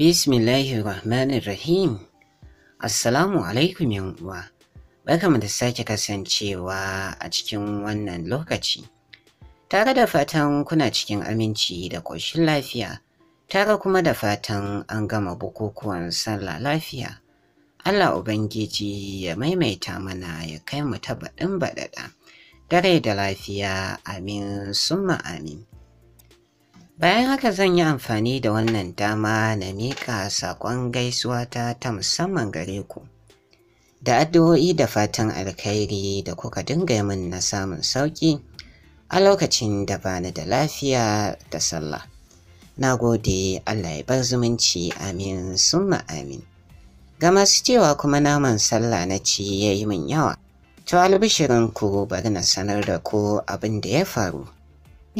Bismillahi Assalamu alaikum uwa. Barkamu da sake kasancewa a cikin wannan lokaci. Tare da fatan kuna cikin aminci da ƙoshin lafiya, tare kuma da fatan an gama bukukuwan sallah lafiya. Allah Ubangiji ya maimaita mana ya kai mu ta baɗin baɗaɗa. Dare da lafiya amin summa amin. Bayan haka zan yi amfani da wannan dama na miƙa saƙon gaisuwa ta ta musamman gare ku. Da addu'o'i da fatan alkhairi da kuka dinga min na samun sauƙi a lokacin da bani da lafiya da sallah. Na gode Allah ya bar zumunci amin summa amin. Ga masu cewa kuma naman sallah na ci ya yi min yawa, to albishirinku bari na sanar da ku abin da ya faru.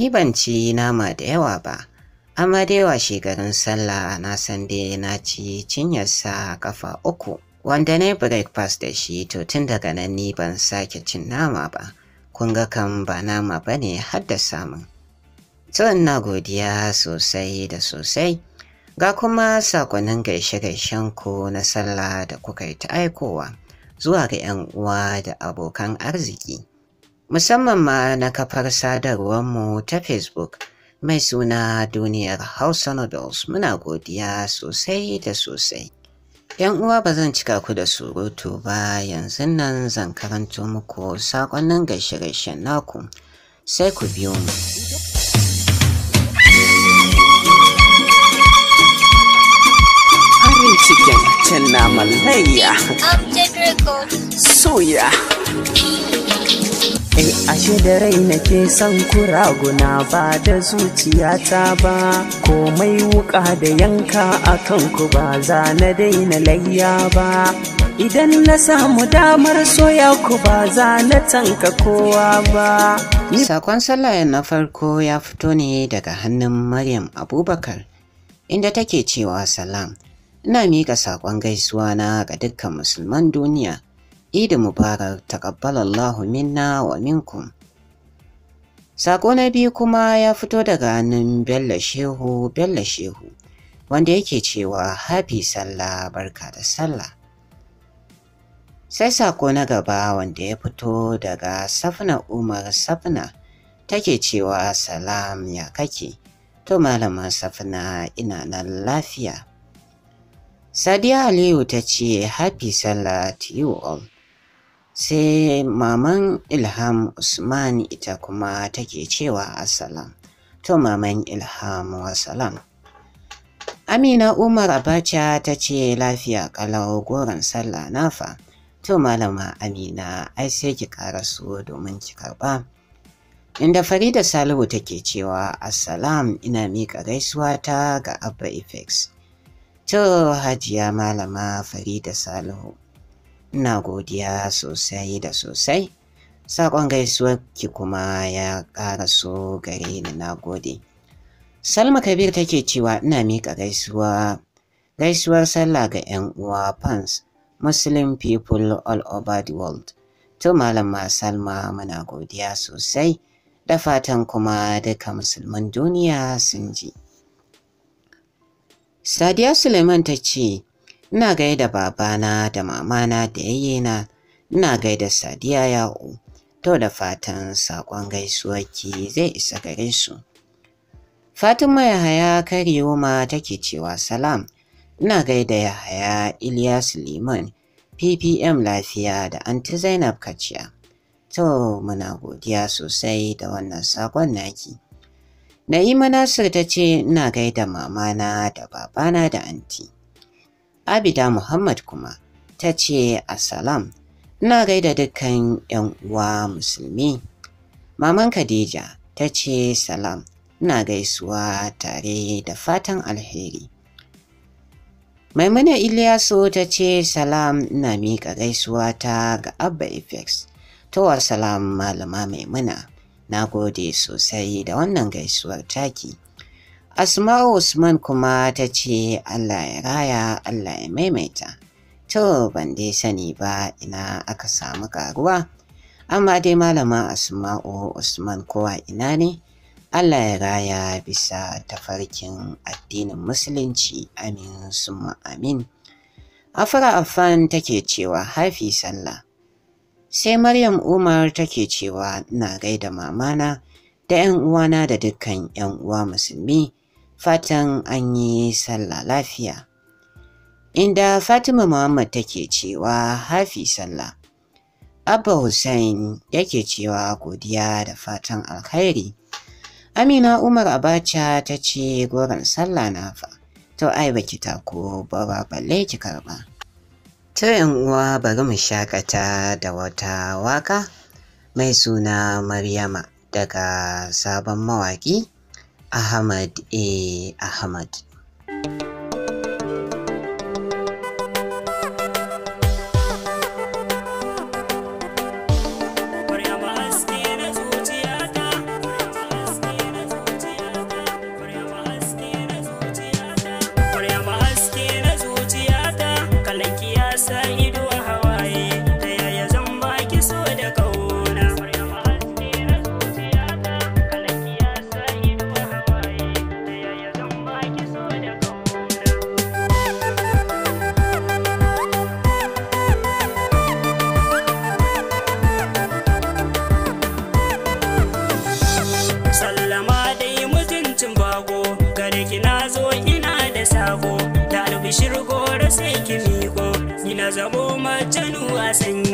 Ni ban ci nama da yawa ba, amma da yawa shekarun sallah na san na ci cinyarsa kafa uku. Wanda na yi breakfast da shi to tun daga nan ni ban sake cin nama ba, kun ga kan ba nama ba ne haddasa min. Tsohon na godiya sosai da sosai. Ga kuma sakonin gaishe-gaishen ku na sallah da kuka yi ta aikowa zuwa ga 'yan uwa da abokan arziki. musamman ma na kafar mu ta Facebook mai suna duniyar Hausa Noodles muna godiya sosai da sosai. ‘Yan uwa ba zan cika ku da surutu ba yanzu nan zan karanto muku saƙonnin gaishe-gaishen naku sai ku biyo mu. chicken, ten namalaya, soya, kai eh, ashe da rai nake son kuraguna ba da zuciyata ba komai wuka da yanka akan ku ba za na daina layya ba idan na samu damar soya ku ba za na tanka kowa ba sakon sallah na farko ya fito ne daga hannun maryam abubakar inda take cewa salam ina miƙa saƙon gaisuwa na ga dukkan musulman duniya Idi Mubarak taqabbalallahu minna wa minkum. Sako na biyu kuma ya fito daga hannun Bello Shehu Bello Shehu wanda yake cewa hafi sallah barka da sallah. Sai sako na gaba wanda ya fito daga Safna Umar Safna take cewa salam ya kake. To malaman safina ina nan lafiya. Sadiya Aliyu ta ce happy sallah to you all. sai maman ilham usman ita kuma take cewa assalam to maman ilham wasalam amina umar abacha ta ce lafiya kalau goron sallah nafa to malama amina ai sai ki karasu domin ki karba inda farida salihu take cewa assalam ina miƙa gaisuwa ta ga abba effects to hajiya malama farida salihu Ina godiya sosai da sosai. Saƙon gaisuwar ki kuma ya ƙara so gare ni na gode. Salma Kabir take cewa ina miƙa gaisuwa gaisuwar sallah ga 'yan uwa fans Muslim people all over the world. To Malama Salma muna godiya sosai da fatan kuma duka musulman duniya sun ji. Sadiya Suleiman ta ce, Ina gaida babana da mamana da yayyena, ina gaida Sadiya Ya'u. To da fatan saƙon gaisuwarki zai isa gare su. Fatima Yahaya ma take cewa salam, ina gaida Yahaya Ilyas Liman, PPM Lafiya da Anti Zainab Kaciya. To muna godiya sosai da wannan saƙon naki. Na'ima Nasir ta ce ina gaida mamana da babana da anti. Abida Muhammad kuma ta ce Salam ina gaida dukkan 'yan uwa musulmi. Maman Khadija ta ce Salam, ina gaisuwa tare da fatan alheri. Maimuna Ilyasu ta ce salam na miƙa gaisuwa ta ga Abba Ifex. Towar salam malama Maimuna, na gode sosai da wannan gaisuwar taki. Asma'u Usman kuma ta ce Allah ya raya Allah ya maimaita. To ban dai sani ba ina aka samu karuwa. Amma dai malama Asma'u Usman kowa ina ne? Allah ya raya bisa tafarkin addinin Musulunci amin summa amin. Afra Afan take cewa hafi sallah. Sai Maryam Umar take cewa na gaida mamana da ‘yan uwana da dukkan ‘yan uwa musulmi fatan an yi sallah lafiya. Inda Fatima Muhammad take cewa hafi sallah. Abba Hussein yake cewa godiya da fatan alkhairi. Amina Umar Abacha ta ce goron sallah na fa, to ai baki ko ba balle ki karba. Ta yan uwa bari mu shakata da wata waka mai suna Maryama daga sabon mawaki. Ahmad A. Eh, Ahmad. sai ki miƙo, ina na zamo a sanyi.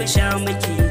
mu sha muke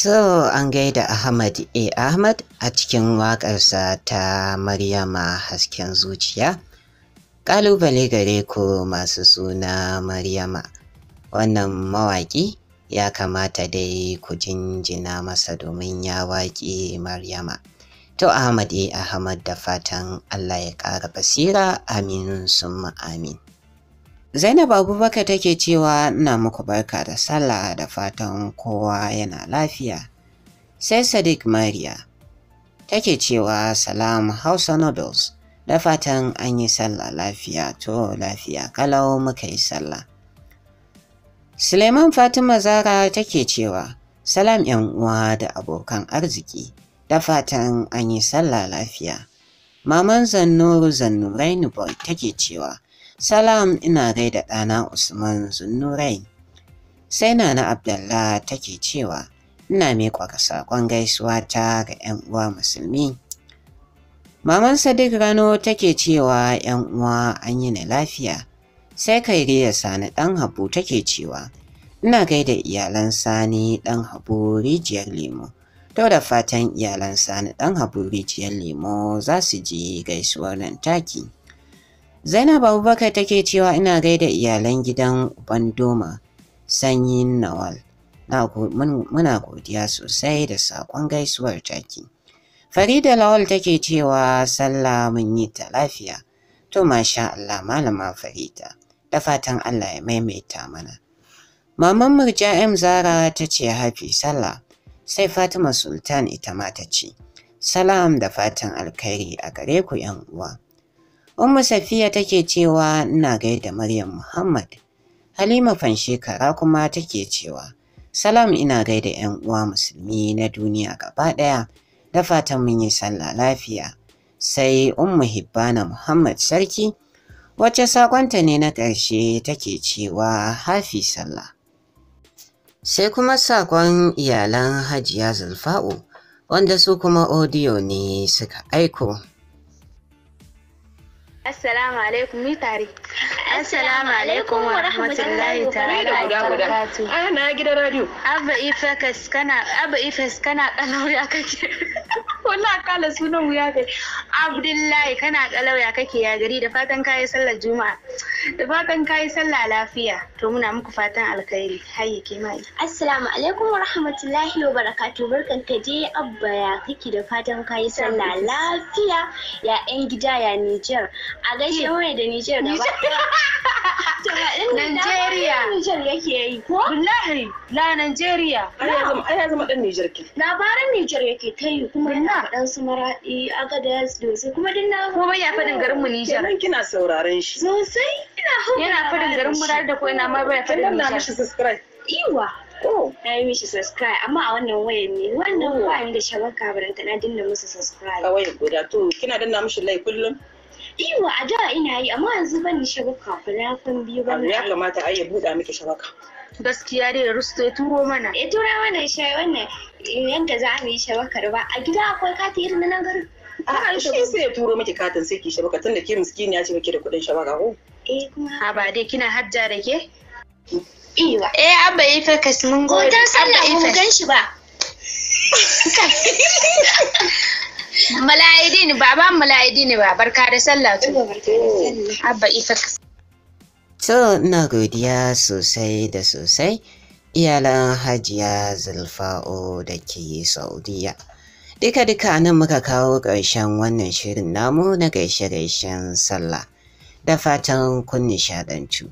To an gaida Ahmad A. Eh, Ahmad a cikin waƙarsa ta Maryama hasken zuciya. Ƙalubale gare ku masu suna Maryama. Wannan mawaƙi ya kamata dai ku jinjina masa domin ya waƙi Maryama. To Ahmad A. Eh, Ahmad da fatan Allah ya ƙara basira amin summa amin. Zainab Abubakar take cewa ina muku barka da sallah da fatan kowa yana lafiya. Sai Sadiq maria take cewa salam Hausa Nobles da fatan an yi sallah lafiya to lafiya kalau muka yi sallah. Suleiman Fatima Zara take cewa salam yan uwa da abokan arziki da fatan an yi sallah lafiya. Maman Zannuru Zannurainu Boy take cewa Salam ina gaida ɗana Usman Zunnurai. Sai na na Abdullah take cewa ina miƙa sakon gaisuwa ta ga 'yan uwa musulmi. Maman Sadiq Rano take cewa 'yan uwa an yi ni lafiya. Sai Kairiya Sani ɗan Habu take cewa ina gaida iyalan Sani ɗan Habu rijiyar lemo. To da fatan iyalan Sani ɗan Habu rijiyar lemo za su ji gaisuwar nan taki. Zainab Abubakar take cewa ina gaida iyalan gidan Bandoma Sanyin Nawal. Muna godiya sosai da sakon gaisuwar taki. Farida Lawal take cewa sallah mun yi ta lafiya. To masha Allah malama Farida. Da fatan Allah ya maimaita mana. Maman Murja M Zara ta ce hafi sallah. Sai Fatima Sultan ita ma ta ce. Salam da fatan alkhairi a gare ku 'yan uwa. Ummu Safiya take cewa ina gaida Maryam Muhammad. Halima Fanshekara kuma take cewa Salam ina gaida 'yan uwa musulmi na duniya gaba ɗaya da fatan mun yi sallah lafiya. Sai Ummu Hibbana Muhammad Sarki wacce sakonta ne na ƙarshe take cewa hafi sallah. Sai kuma sakon iyalan Hajiya Zulfa'u wanda su kuma odiyo ne suka aiko. Assalamu alaikum ni Assalamu alaikum wa rahmatullahi ta'ala wa barakatuh. Ah na gidan radio. Abba Ifekas kana Abba Ifes kana kalau ya kake. Wallahi kala sunan wuya kai. Abdullahi kana kalau ya kake ya gari da fatan kayi sallar Juma'a. da fatan kayi sallah lafiya to muna muku fatan alkhairi hayya kimai assalamu alaikum wa rahmatullahi wa barakatuh barkan ka je abba ya kake da fatan kayi sallah lafiya ya yan gida ya Niger a gaishe mana da Niger gaba Nigeria Niger yake yi ko wallahi la Nigeria ai ya zama dan Niger ke labaran Niger yake ta kuma na dan su maradi da dose kuma ko kuma ya fadin garin mu Niger kina sauraron shi sosai yana farin garin murar da ko'ina ma baya fara na mishi subscribe iwa oh. na yi mishi subscribe amma a wannan wayan ne wannan wayan oh. da shabaka baranta na dinna musu subscribe a wayan guda to kina dinna mishi lai kullum iwa a da ina yi amma yanzu ban ni shabaka ba na fan biyu ba ya kamata a yi buɗa miki shabaka gaskiya dai rusto ya turo mana ya tura mana shi wannan yanda za mu yi shabakar ba a gida akwai kati irin na garin a shi sai ya turo miki katin sai ki shabaka tunda ke miskini ya ce miki da kuɗin shabaka ko Eh, ha ba dai kina hajja da ke iwa eh, eh abba ifas mun gode abba mu gan shi ba Mala'idi ne baba mala'idi ne ba barka da sallah to abba ifas to na godiya sosai da sosai iyalan hajiya zulfa'o da ke saudiya duka-duka nan muka kawo ƙarshen wannan shirin namu na gaishe-gaishen sallah da fatan kun nishadantu.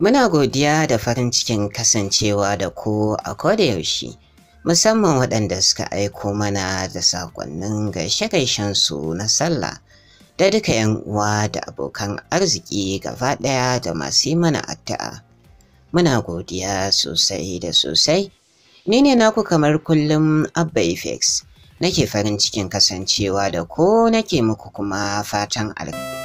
Muna godiya da farin cikin kasancewa da ku a yaushe, musamman waɗanda suka aiko mana da saƙonnin gaishe-gaishensu na sallah da duka 'yan uwa da abokan arziki gaba ɗaya da masu yi mana addu'a. Muna godiya sosai da sosai. Ni ne naku kamar kullum Abba Effects. nake farin cikin kasancewa da ko nake muku kuma fatan alkhairi.